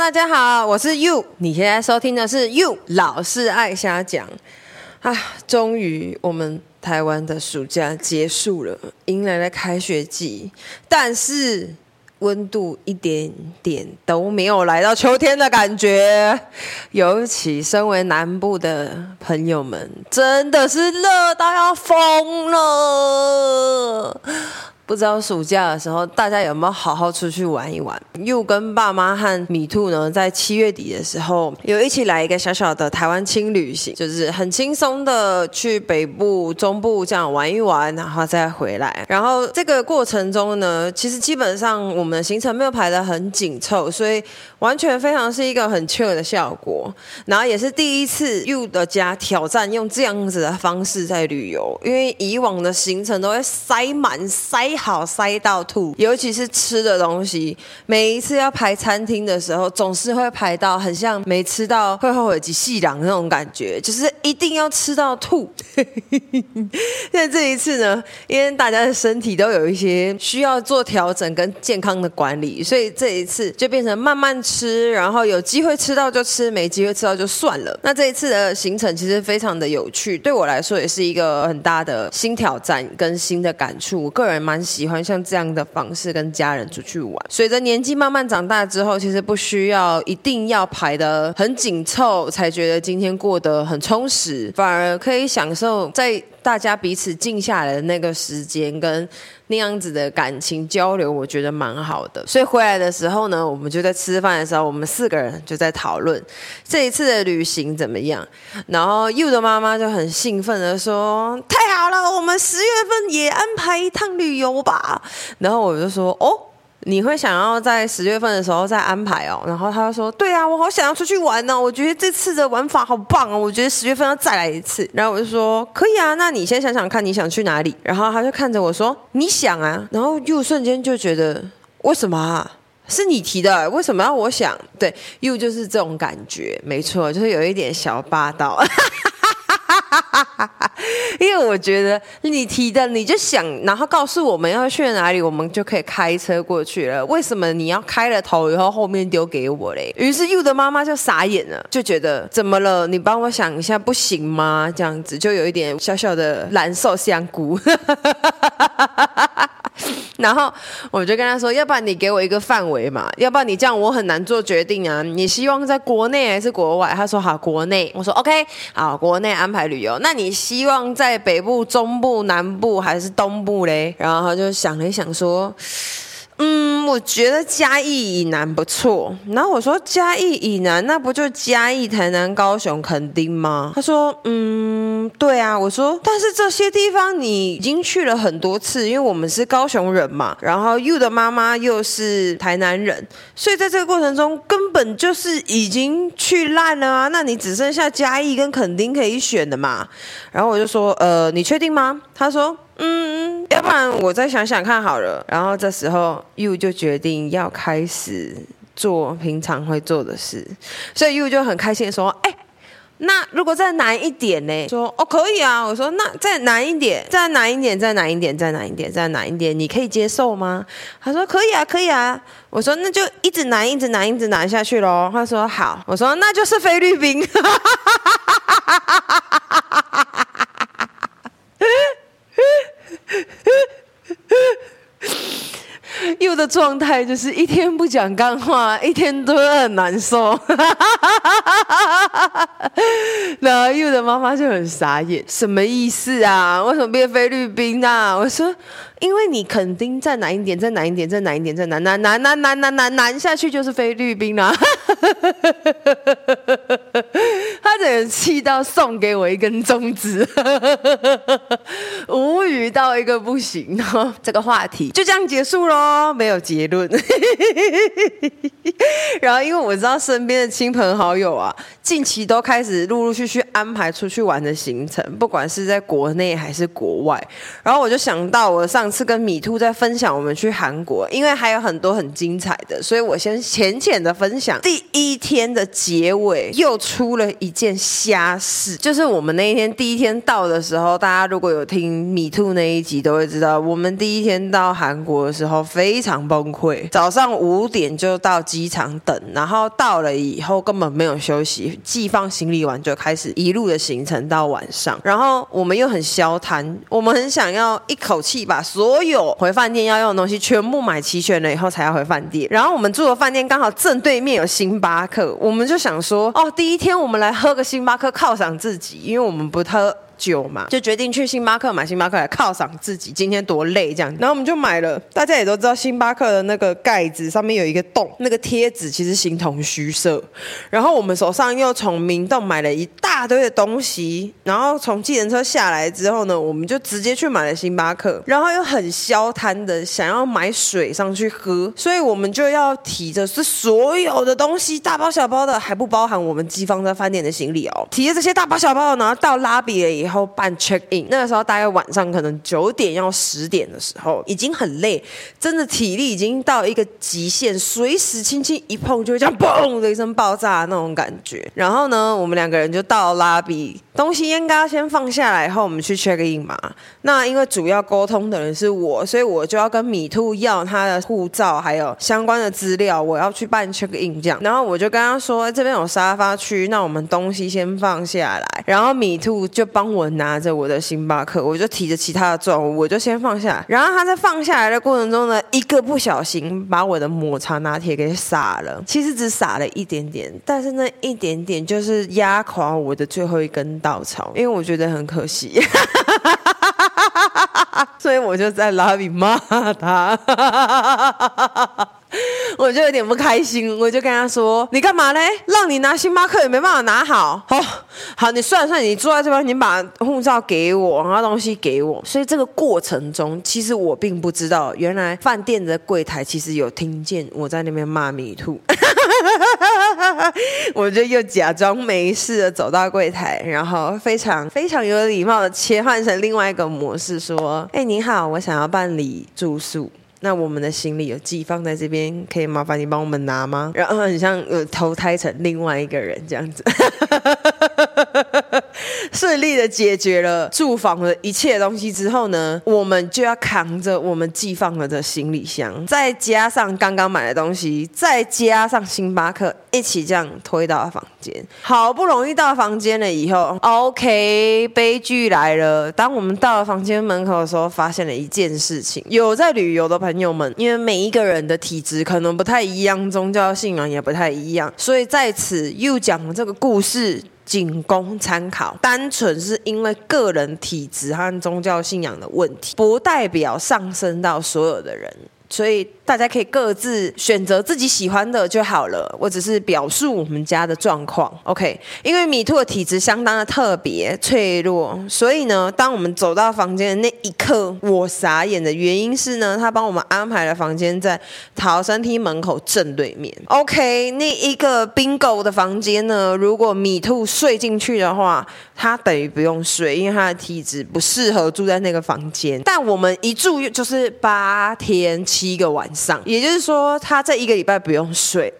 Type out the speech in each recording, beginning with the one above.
大家好，我是 Yu。你現在收聽的是 Yu 老是愛瞎講。終於，啊、終於我們台灣的暑假結束了，迎來了開學季，但是溫度一點點都沒有來到秋天的感覺。尤其身為南部的朋友們，真的是熱到要瘋了。不知道暑假的時候大家有沒有好好出去玩一玩？Yu 跟爸媽和米兔呢，在七月底的時候有一起來一個小小的台灣輕旅行，就是很輕鬆的去北部、中部這樣玩一玩，然後再回來。然後這個過程中呢，其實基本上我們的行程沒有排得很緊湊，所以完全非常是一個很 chill 的效果。然後也是第一次 Yu 的家挑戰用這樣子的方式在旅遊，因為以往的行程都會塞滿塞。好塞到吐，尤其是吃的東西，每一次要排餐廳的時候，總是會排到很像沒吃到會後悔及細糧那種感覺，就是一定要吃到吐。 現在這一次呢，因為大家的身體都有一些需要做調整跟健康的管理，所以這一次就變成慢慢吃，然後有機會吃到就吃，沒機會吃到就算了。那這一次的行程其實非常的有趣，對我來說也是一個很大的新挑戰跟新的感觸，我個人蠻。喜歡像這樣的方式跟家人出去玩。隨着年紀慢慢長大之後，其實不需要一定要排得很緊湊，才覺得今天過得很充實，反而可以享受在。大家彼此靜下來的那個時間，跟那樣子的感情交流，我覺得蠻好的。所以回來的時候呢，我們就在吃飯的時候，我們四個人就在討論這一次的旅行怎麼樣。然後 Yu 的媽媽就很興奮地說：“太好了，我們十月份也安排一趟旅遊吧。”然後我就說：“哦。”你會想要在十月份的時候再安排哦，然後他就說：“對啊，我好想要出去玩呢、哦，我覺得這次的玩法好棒哦，我覺得十月份要再來一次。”然後我就說：“可以啊，那你先想想看你想去哪裡。”然後他就看着我說：“你想啊。”然後又瞬間就覺得：“為什麼啊？是你提的，為什麼要、啊、我想？”對，Yu 就是這種感覺，沒錯，就是有一點小霸道。 哈哈哈！因為我覺得你提的，你就想，然後告訴我們要去哪裡，我們就可以開車過去了。為什麼你要開了頭，以後後面丟給我嘞？於是 you 的媽媽就傻眼了，就覺得怎麼了？你幫我想一下不行嗎？這樣子就有一點小小的藍瘦香菇。 然後我就跟他說：“要不然你給我一個範圍嘛，要不然你這樣我很難做決定啊。你希望在國內還是國外？”他說：“好，國內。”我說：“OK，好，國內安排旅遊。那你希望在北部、中部、南部還是東部嘞？”然後他就想了一想說。嗯，我覺得嘉義以南不錯。然後我說嘉義以南，那不就嘉義、台南、高雄、墾丁嗎？他說，嗯，對啊。我說，但是這些地方你已經去了很多次，因為我們是高雄人嘛。然後 Yu 的媽媽又是台南人，所以在這個過程中根本就是已經去爛了啊。那你只剩下嘉義跟墾丁可以選的嘛？然後我就說，呃，你確定嗎？他說，嗯，要不然我再想想看好了。然後這時候，Yu 就決定要開始做平常會做的事，所以 Yu 就很開心的說：“哎、欸，那如果再難一點呢？”說：“哦，可以啊。”我說：“那再難一點，再難一點，再難一點，再難一點，再難一,一點，你可以接受嗎？”他說：“可以啊，可以啊。”我說：“那就一直難，一直難，一直難下去嘍。”他說：“好。”我說：“那就是菲律賓。 ” u 的狀態就是一天不講幹話，一天都很難受。 然後 u 的媽媽就很傻眼，什麼意思啊？為什麼變菲律賓啊？我說，因為你肯定再難一點，再難一點，再難一點，再難難難難難難難下去就是菲律賓了、啊。 氣到送給我一根中指， 無語到一個不行。哦。 這個話題就這樣結束嘍，沒有結論。 然後因為我知道身邊的親朋好友啊，近期都開始陸陸續續安排出去玩的行程，不管是在國內還是國外。然後我就想到，我上次跟米兔在分享我們去韓國，因為還有很多很精彩的，所以我先淺淺的分享第一天的結尾，又出了一件。瞎死，就是我們那一天第一天到的時候，大家如果有聽米兔那一集都會知道，我們第一天到韓國的時候非常崩潰，早上五點就到機場等，然後到了以後根本沒有休息，寄放行李完就開始一路的行程到晚上，然後我們又很消癱，我們很想要一口氣把所有回飯店要用的東西全部買齊全了以後才要回飯店，然後我們住的飯店剛好正對面有星巴克，我們就想說哦，第一天我們來喝個星巴克犒賞自己，因為我們不特。就嘛，就決定去星巴克買星巴克來犒賞自己，今天多累這樣。然後我們就買了，大家也都知道，星巴克的那個蓋子上面有一個洞，那個貼紙其實形同虛設。然後我們手上又從明洞買了一大堆的東西，然後從計程車下來之後呢，我們就直接去買了星巴克，然後又很消攤的想要買水上去喝，所以我們就要提着是所有的東西，大包小包的，還不包含我們寄放在飯店的行李哦、喔，提着這些大包小包然後到拉比了以後。然後辦 check in，那個時候大概晚上可能九點要十點的時候，已經很累，真的體力已經到一個極限，隨時輕輕一碰就會這樣嘣的一聲爆炸的那種感覺。然後呢，我們兩個人就到 lobby，東西應該要先放下來，然後我們去 check in 嘛。那因為主要溝通的人是我，所以我就要跟米兔要他的護照還有相關的資料，我要去辦 check in 這樣。然後我就跟他說：“這邊有沙發區，那我們東西先放下來。”然後米兔就幫我。我拿着我的星巴克，我就提着其他的重物，我就先放下。然後他在放下來的過程中呢，一個不小心把我的抹茶拿鐵給灑了。其實只灑了一點點，但是那一點點就是壓垮我的最後一根稻草。因為我覺得很可惜， 所以我就在那裡罵他。 我就有點不開心，我就跟他說：“你幹嘛呢？讓你拿星巴克也沒辦法拿好，好，好，你算了算，你坐在這邊，你把護照給我，然後東西給我。”所以這個過程中，其實我並不知道，原來飯店的櫃檯其實有聽見我在那邊罵米兔。 我就又假裝沒事的走到櫃檯，然後非常非常有禮貌的切換成另外一個模式，說：“哎、欸，你好，我想要辦理住宿。”那我們的行李有寄放在這邊，可以麻煩你幫我們拿嗎？然後很像呃、嗯、投胎成另外一個人這樣子。 順 利的解決了住房的一切的東西之後呢，我們就要扛着我們寄放了的行李箱，再加上剛剛買的東西，再加上星巴克，一起這樣推到了房間。好不容易到房間了以後，OK，悲劇來了。當我們到了房間門口的時候，發現了一件事情：有在旅遊的朋友們，因為每一個人的體質可能不太一樣，宗教信仰也不太一樣，所以在此又講了這個故事。僅供參考，單純是因為個人體質和宗教信仰的問題，不代表上升到所有的人。所以大家可以各自選擇自己喜歡的就好了。我只是表述我們家的狀況，OK？因為米兔的體質相當的特別脆弱，所以呢，當我們走到房間的那一刻，我傻眼的原因是呢，他幫我們安排了房間在逃生梯門口正對面，OK？那一個冰狗的房間呢，如果米兔睡進去的話。他等於不用睡，因為他的體質不適合住在那個房間。但我們一住就是八天七個晚上，也就是說，他這一個禮拜不用睡。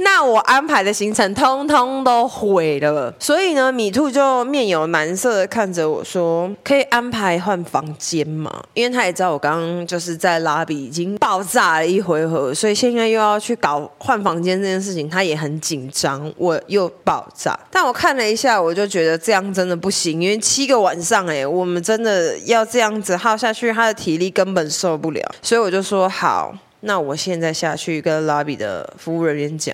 那我安排的行程通通都毀了，所以呢，米兔就面有難色的看着我說：“可以安排換房間嗎？”因為他也知道我剛剛就是在拉比已經爆炸了一回合，所以現在又要去搞換房間這件事情，他也很緊張。我又爆炸，但我看了一下，我就覺得這樣真的不行，因為七個晚上、欸，哎，我們真的要這樣子耗下去，他的體力根本受不了。所以我就說好。那我現在下去跟 lobby 的服務人員講，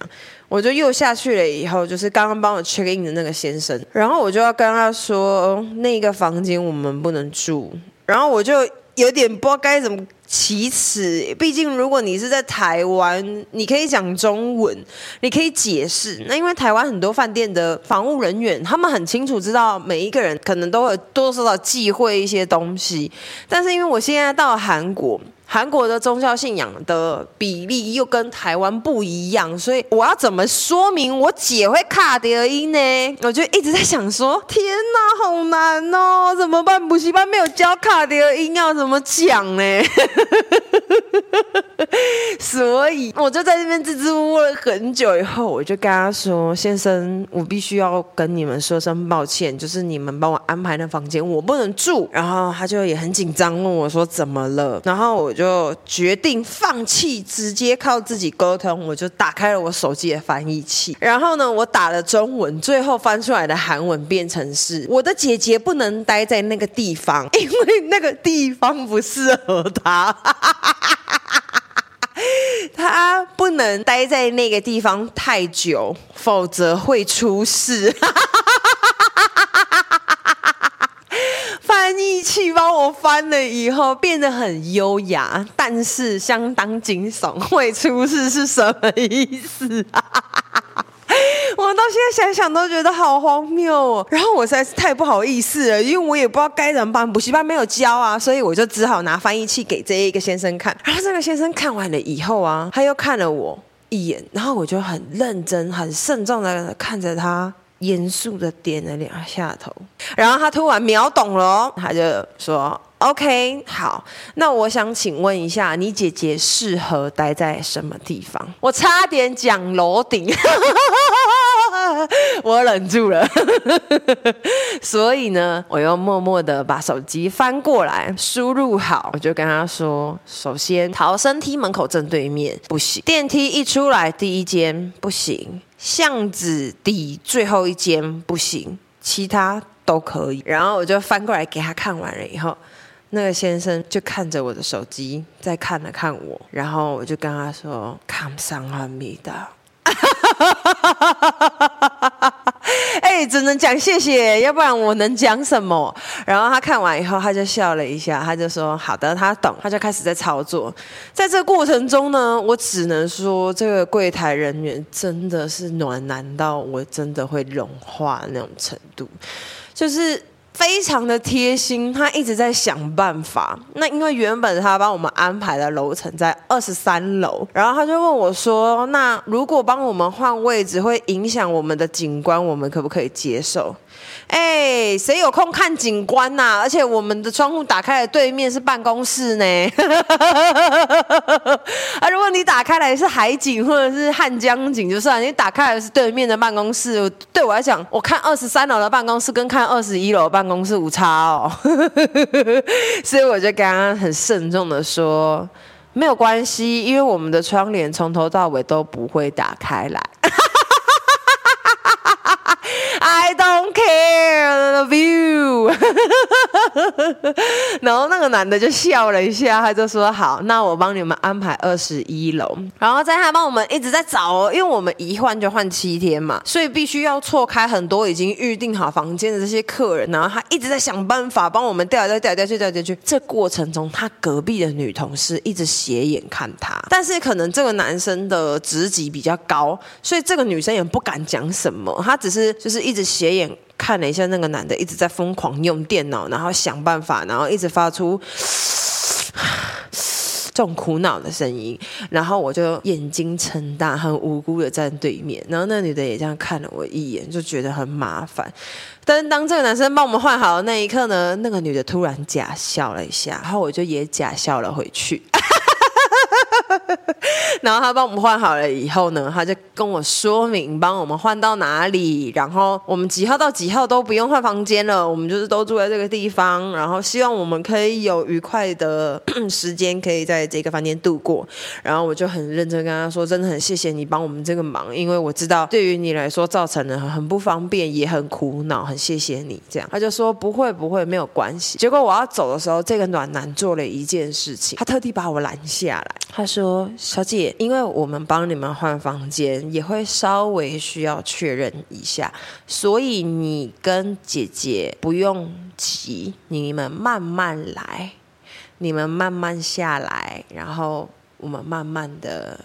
我就又下去了。以後就是剛剛幫我 check in 的那個先生，然後我就要跟他說那個房間我們不能住。然後我就有點不知道該怎麼啟齒。畢竟如果你是在台灣，你可以講中文，你可以解釋。那因為台灣很多飯店的服務人員，他們很清楚知道每一個人可能都有多多少少忌諱一些東西。但是因為我現在到了韓國。韓國的宗教信仰的比例又跟台灣不一樣，所以我要怎麼說明我姐會卡到陰呢？我就一直在想說，天哪，好難哦，怎麼辦？補習，習班沒有教卡到陰，要怎麼講呢？ 所以我就在那邊支支吾吾了很久以後，我就跟他說：“先生，我必須要跟你們說聲抱歉，就是你們幫我安排那房間，我不能住。”然後他就也很緊張，問我說：“怎麼了？”然後我。我就決定放棄直接靠自己溝通，我就打開了我手機的翻譯器，然後呢，我打了中文，最後翻出來的韓文變成是：我的姐姐不能待在那個地方，因為那個地方不適合她， 她不能待在那個地方太久，否則會出事。 氣幫我翻了以後變得很優雅，但是相當驚悚，會出事是什麼意思啊？ 我到現在想想都覺得好荒謬哦。然後我實在是太不好意思了，因為我也不知道該怎麼辦，補習班沒有教啊，所以我就只好拿翻譯器給這一個先生看。然後這個先生看完了以後啊，他又看了我一眼，然後我就很認真、很慎重的看着他。嚴肅的點了兩下頭，然後他突然秒懂了哦，他就說：“OK，好，那我想請問一下，你姐姐適合待在什麼地方？”我差點講樓頂， 我忍住了。 所以呢，我又默默的把手機翻過來，輸入好，我就跟他說：“首先，逃生梯門口正對面不行，電梯一出來第一間不行。”巷子底最後一間不行，其他都可以。然後我就翻過來給他看，完了以後，那個先生就看着我的手機，再看了看我，然後我就跟他說：“come some me 的。感謝”哈，哎，只能講謝謝，要不然我能講什麼？然後他看完以後，他就笑了一下，他就說：“好的，他懂。”他就開始在操作。在這個過程中呢，我只能說，這個櫃檯人員真的是暖男到我真的會融化那種程度，就是。非常的貼心，他一直在想辦法。那因為原本他幫我們安排的樓層在二十三樓，然後他就問我說：“那如果幫我們換位置，會影響我們的景觀，我們可不可以接受？”哎，誰有空看景觀吶，啊？而且我們的窗戶打開來，對面是辦公室呢。 啊，如果你打開來是海景或者是漢江景就算，你打開來是對面的辦公室，對我來講，我看二十三樓的辦公室跟看二十一樓的辦公室無差哦。 所以我就剛剛很慎重的說，沒有關係，因為我們的窗簾從頭到尾都不會打開來。 I don't care, I love you。然後那個男的就笑了一下，他就說：“好，那我幫你們安排二十一樓。”然後在他幫我們一直在找，哦，因為我們一換就換七天嘛，所以必須要錯開很多已經預定好房間的這些客人。然後他一直在想辦法幫我們調來調去調來調去。這過程中，他隔壁的女同事一直斜眼看他，但是可能這個男生的職級比較高，所以這個女生也不敢講什麼，她只是就是一直斜。斜眼看了一下那個男的，一直在瘋狂用電腦，然後想辦法，然後一直發出這種苦惱的聲音。然後我就眼睛睜大，很無辜的站對面。然後那女的也這樣看了我一眼，就覺得很麻煩。但是當這個男生幫我們換好的那一刻呢，那個女的突然假笑了一下，然後我就也假笑了回去。 然後他幫我們換好了以後呢，他就跟我說明幫我們換到哪裡，然後我們幾號到幾號都不用換房間了，我們就是都住在這個地方，然後希望我們可以有愉快的 時間可以在這個房間度過。然後我就很認真跟他說，真的很謝謝你幫我們這個忙，因為我知道對於你來說造成了很不方便，也很苦惱，很謝謝你，這樣，他就說不會不會沒有關係。結果我要走的時候，這個暖男做了一件事情，他特地把我攔下來，他說。說，小姐，因為我們幫你們換房間，也會稍微需要確認一下，所以你跟姐姐不用急，你們慢慢來，你們慢慢下來，然後我們慢慢的。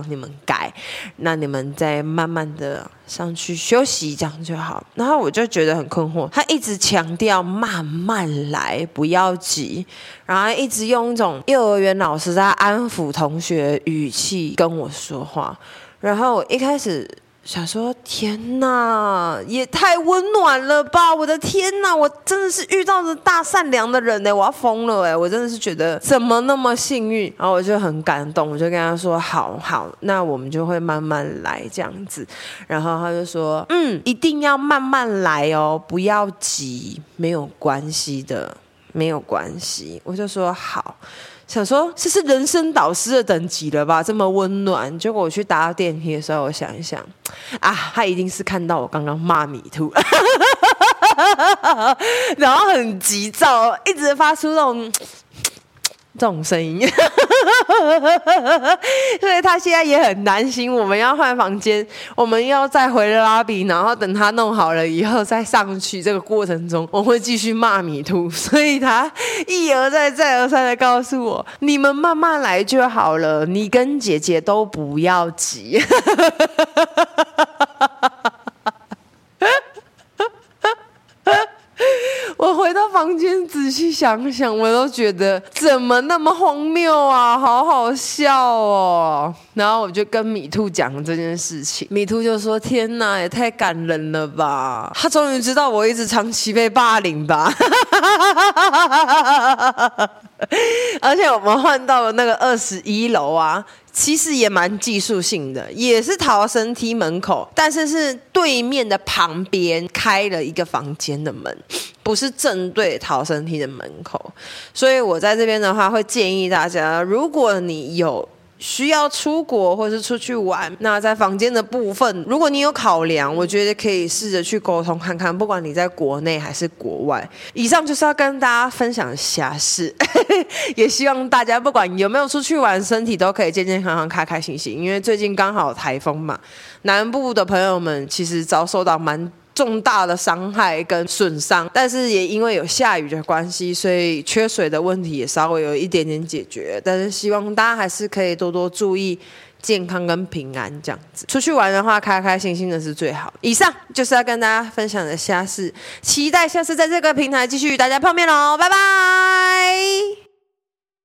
幫你們改，那你們再慢慢的上去休息這樣就好。然後我就覺得很困惑，他一直強調慢慢來，不要急，然後一直用一種幼兒園老師在安撫同學語氣跟我說話。然後我一開始。想說天哪，也太溫暖了吧！我的天哪，我真的是遇到了大善良的人呢！我要瘋了誒！我真的是覺得怎麼那麼幸運，然後我就很感動，我就跟他說：“好好，那我們就會慢慢來這樣子。”然後他就說：“嗯，一定要慢慢來哦，不要急，沒有關係的，沒有關係。”我就說：“好。”想說這是人生導師的等級了吧？這麼溫暖。結果我去搭電梯的時候，我想一想，啊，他一定是看到我剛剛罵米兔， 然後很急躁，一直發出那種。這種聲音，因 為他現在也很擔心。我們要換房間，我們要再回拉比，然後等他弄好了以後再上去。這個過程中，我會繼續罵米兔，所以他一而再，再而三的告訴我：“你們慢慢來就好了，你跟姐姐都不要急。 ”仔細想想，我都覺得怎麼那麼荒謬啊！好好笑哦。然後我就跟米兔講了這件事情，米兔就說：“天哪，也太感人了吧！”他終於知道我一直長期被霸凌吧。 而且我們換到了那個二十一樓啊，其實也蠻技術性的，也是逃生梯門口，但是是對面的旁邊開了一個房間的門，不是正對逃生梯的門口，所以我在這邊的話會建議大家，如果你有。需要出國或是出去玩，那在房間的部分，如果你有考量，我覺得可以試着去溝通看看，不管你在國內還是國外。以上就是要跟大家分享的下事， 也希望大家不管有沒有出去玩，身體都可以健健康康、開開心心。因為最近剛好台風嘛，南部的朋友們其實遭受到蠻。重大的傷害跟損傷，但是也因為有下雨的關係，所以缺水的問題也稍微有一點點解決。但是希望大家還是可以多多注意健康跟平安這樣子。出去玩的話，開開心心的是最好。以上就是要跟大家分享的，下次期待下次在這個平台繼續與大家碰面嘍，拜拜。